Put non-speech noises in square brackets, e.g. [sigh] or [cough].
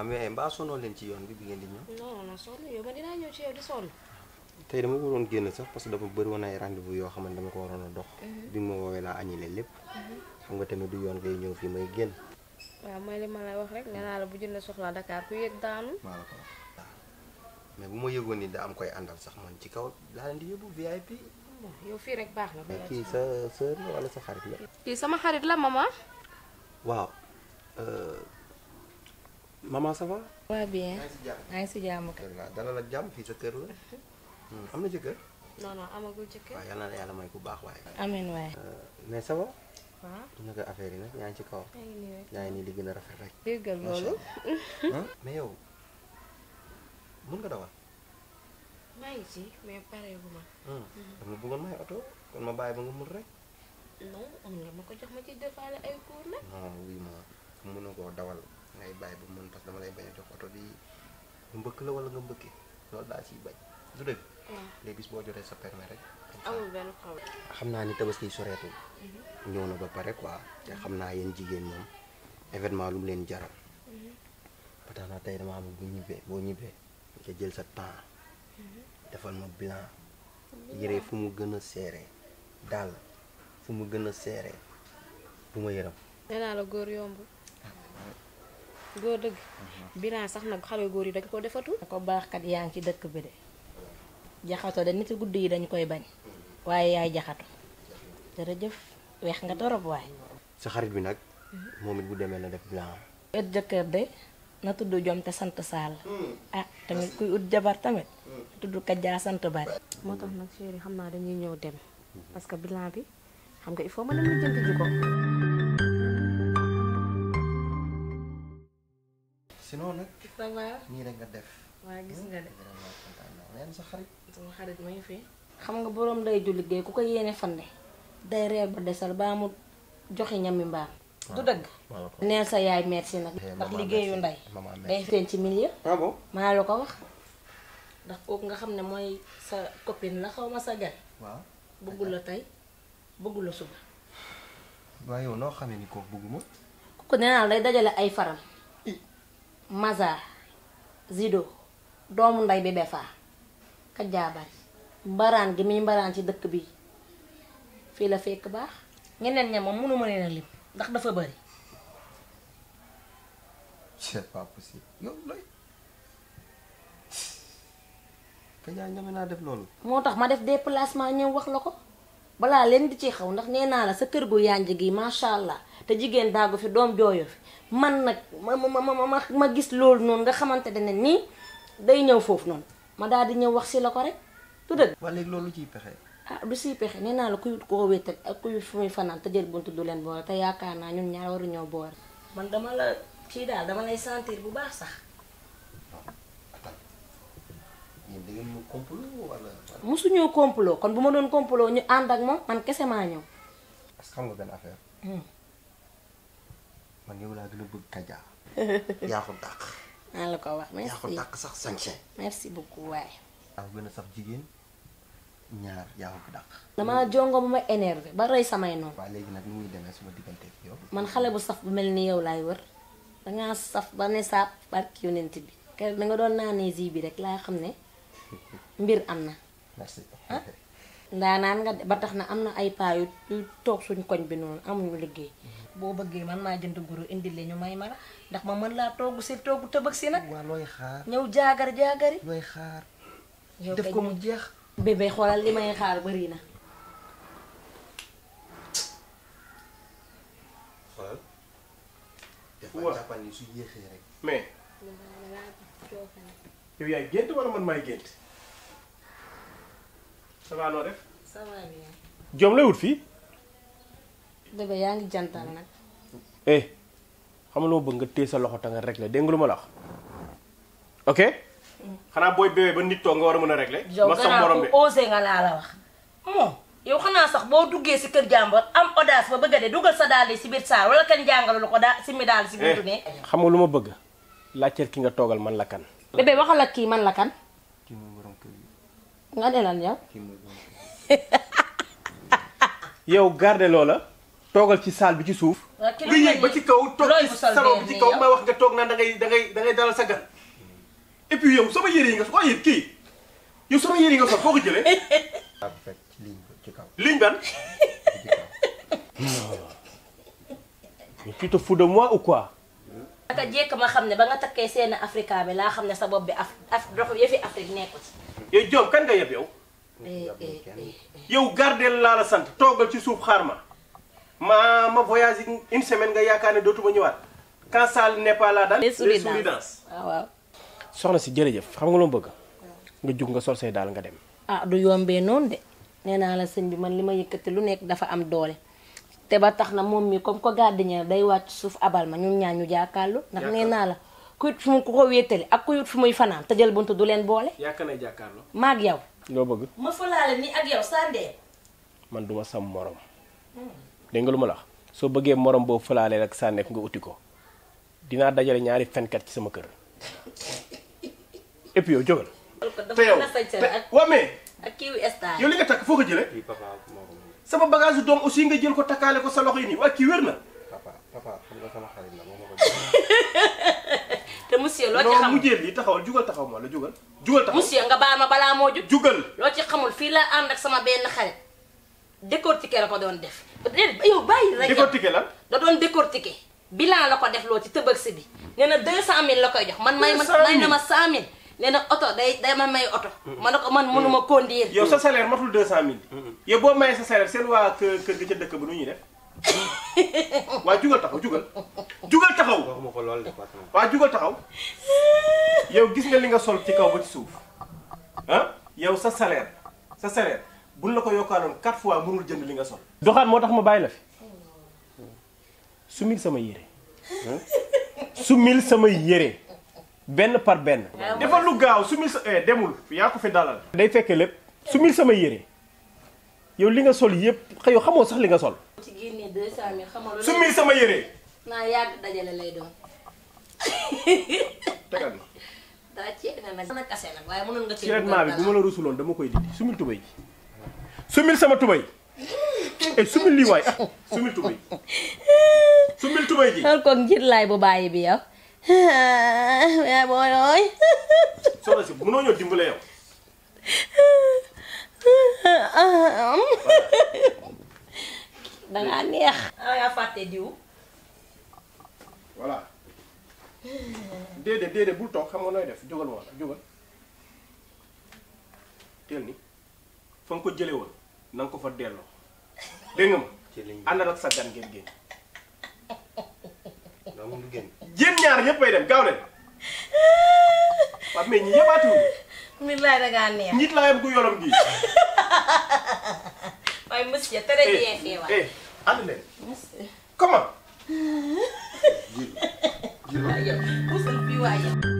amee ay mbaa sonoo leen ci yoon bi bi ngeen e di ñëw. non non yow ci yow di sonn. tey dama waroon génn sax parce que dafa bëri woon ay rendez-vous yoo xam dama ko waroon dox. Mhm. bi ma woowee laa añile lépp. Mhm. xam nga tamit du yoon ngay ñëw fii may génn. waaw mooy li ma wax rek nee la bu jënd soxla Dakar ku daanu. mais bu ma da am koy andal sax man ci kaw daa di VIP. yow fii rek baax na. kii sa sœur wala sa xarit la. sama xarit la mama. waaw. Euh, maman ça va. waaw bien maa ngi si jàmm kay. dalal ak jàmm fii sa kër la. [laughs] Hmm, am na jëkkër. non non amagul jëkkër. waaw yàlla na yàlla may ku baax waaye. amiin waaye. Euh, mais ça va. waaw naka affaire ci kaw. yaa ngi a rafet rek. déggal loolu. [laughs] mais yow mun nga dawal. maa ngi mais pareegu hmm. mm-hmm. ma. ma ba nga mun rek. nga koo dawal. ngay bàyyi bu mën parce que dama lay bañ a jox oto bi mbëkk la wala nga mbëkkee loolu daal ciy bañ du dëgg léegi boo jotee sa permis rek xam naa ni tabaski soreetul mhm. ñëw na ba pare quoi te xam naa yéen jigéen moom événement lu mu leen jaral mhm. ba tax na tey dama am bu ñibbee boo ñibbee nga jël sa temps mhm. defal ma bilan yére fu mu gën a seere daal fu mu gën a seere bu ma yëram la góor yomb ah, góor dëgg bilan sax nag xale góor yi dañ ko defatu ko baaxkat yaa ngi ci dëkk bi de jaxato de nit guddi yi dañu koy bañ waaye yaay jaxatu jërëjëf weex nga torop waay sa xarit bi nag moom it bu demee na def bilan ut jëkkër de na tudd jom te sant saal ah tamit kuy ut jabar tamit mm. tudd kajjaa sant bari moo tax nag chéri xam naa dañuy ñëw dem parce que bilan bi xam nga il faut ma jënd ji ko nag. ça va nii rek def. waaw gis hmm? nga de. vraiment kontaan sa xarit. sama xarit ma ngi xam nga boroom day ju liggéey ku ko yéene fande day reer ba desal baa mu joxe ñami mbaam. du dëgg. neel sa yaay merci nag. ndax liggéeyu ndey. day feeñ ci milieu. ah la ko wax. ndax kooku nga xam ne mooy sa copine la xaw ma sa gel. waaw la tey bëggul la suba. waaye yow noo xamee ni kooku bëgguma. ku ko nee naa lay dajale ay faram. maza zido doomu nday bi befa ka jabar mbaran gi mi mbaran ci dekk bi fi la fekk bax ñeneen ñe mom mënuma leen lim ndax dafa bari c'est pas possible yow looy ka ñaa ñame def motax ma def déplacement wax lako balaa leen di ci xaw ndax nee naa la sa kër gu yànj gi macha allah te jigéen daagu fi doom jooyo fi man nag ma ma ma ma gis loolu noonu nga xamante ne nii day ñëw foofu noonu ma daal di ñëw wax si la ko rek du dëgg. waa léegi loolu ciy pexe. ah du siy pexe nee naa la kuy koo wéetal ak kuy fu muy fanaan te jël buntu du leen boole te yaakaar naa ñun ñaar waruñoo boole. man dama la kii daal dama lay sentir bu baax sax. yéen da ngeen mosuñoo complot kon bu ma doon complot ñu ànd ak moom man kese maa ñëw. parce que hmm. man yow laa gën bëgg Kaja. [laughs] yaa ko dàq. maa la ko wax merci yaa ko sax sanction. merci beaucoup waay. yaa ko gën a sax jigéen ñaar yaa ko dàq. damaa jongo ba ma énervé ba rey samay noonu. waaw léegi nag ni muy demee suma diggante ak yow. man xale bu saf bu mel ni yow laay wër dangaa saf ba ne saab barki yonent bi. keroog da nga doon naanee zi bi rek laa xam ne. mbir am na ah ndaanaan nga ba tax na am na ay paa yu toog suñ koñ bi noonu amuñu liggéey boo bëggee man maa jënd guro indi ñu may ma ndax ma mën laa togg si togg tëbëg si nag waaw looy xaar ñëw jaagar jaagari def ko mu jeex bébé xoolal li may xaar bari na waaw jàppal ça va noo def. ça va bien. Diome lay wut fii. Débé yaa jantal nag. eh xam loo bëgg nga téye sa loxo ta nga réglé dégg nga lu ma la wax ok. Mm. xanaa booy bébé ba nit toog nga war a mën a réglé. ma sa morom de yow gannaaw osé nga laa la wax. moom yow xanaa sax boo duggee si kër jàmbur am audace ba bëgg a de sa daal si biir saar wala kan jàngalu ko daa si mi daal si. guddu eh, ne xam nga lu bëgg laajteel ki nga toogal man la kan. bébé waxal ak kii man la kan nga ne lan ya? [laughs] yow garde loola ci salle bi ci souf nga yéeg ba ci kaw tok ci salon bi ci kaw ma wax nga tok na da ngay da ngay da ngay dalal sa gal et puis yow sama yeri nga ko yéen ki yow sama yeri nga sol foo ko jëlee [laughs] ligne ban [laughs] mais tu te fous de moi ou quoi Ata jekk ma xam ba nga takkee sen africa bi la xam sa bopp af af dox yefi afrique nekku ci yow eh, Diome kan nga yeb eh, eh, laa la sant toogal ci suuf xaar ma ma ma voyage une semaine nga yaakaar ne dootuma ñëwaat. quand ça n'est pas là daal. les souris ah, soxna si jërëjëf xam nga loo bëgg. nga jug nga sol say daal nga dem. ah du yombee noonu de nee naa la sëñ bi man li ma yëkkati lu nekk dafa am doole. te ba tax na moom mi comme ko gardien day wàcc suuf abal ma ñun ñaa ñu jàkkaarloo. ndax nee la. ku yut fu mu ko wéetale ak ku yut fu muy fanaan tëjal bunt du leen boole. yaakaar naa jàkkaarloo. ma ak yow. loo bëgg. ma ni ak yow sàndee. man duma sam morom. Hmm. dégg nga lu la morom boo falaale rek sànneek nga uti ko dinaa dajale ñaari fenkat ci sama kër et puis yow jógal. te yow waaw mais. ak kii yow li nga sama bagage dom aussi nga jël ko takkaale ko sa loxo yi papa papa xam nga sama xarit la te monsieur loo ci xamul non mu jël li taxawal jugal taxaw ma la jugal. jugal taxaw monsieur nga baal ma balaa moo jug. jugal loo ci xamul fii la ànd ak sama benn xarit décortiquer la ko doon def. déedéet yow bàyyi la. décortiquer la da doon décortiquer. bilan la ko def lo ci tëbëg si bi nee na 200000 la koy jox man may may na ma 100000. nee na oto day day ma may oto. ma ne ko man mënuma conduire. yow sa salaire matul 200000. yow boo mayee sa salaire seen waa kër kër gi ca dëkk ba def. [laughs] waaw jugal taxaw jugal jugal taxaw. waxuma ko lool de patron. waaw jugal taxaw yow gis nga li nga sol ci kaw ba ci suuf ah yow sa salaire sa salaire bu na ko yokkaanoon quatre fois mënul jënd li nga sol. doxaan moo tax ma bàyyi la fi sumil sama yére sumil sama yére benn par benn. defal lu gaaw sumil sa eh, demul yaa ko fi dalal. day fekke lépp sumil sama yére yow li nga sol yëpp xëy xamoo sax li nga sol. deux cent sama yére. naa yàgg dajale lay doon. [laughs] waaye mënoon bi bu ma la rusuloon dama koy dindi sumil tubay ji. sumil sama tubay. et eh, sumil lii waay ah sumil tubay. sumil tubay ji. loolu kon njit bu bàyyi bi yow. yaa booy ooy. soxna si [laughs] da aneh, neex. ah yaa fàtte diw. voilà. déedéet déedéet bul toog xam nga nooy def jógal moo la jógal. teel ni fa nga ko jëlee woon na nga ko fa delloo dégg nga ma. ànd ak sa gan ngeen génn. [laughs] donc du génn. yéen ñaar ñëpp ay dem gaaw leen. waaw mais ñii yëpp aatuñu. nit laay [laughs] Oui, monsieur, très hey, bien fait. Ouais. Hey, Adeline. Monsieur. Comment Dis-le. Dis-le.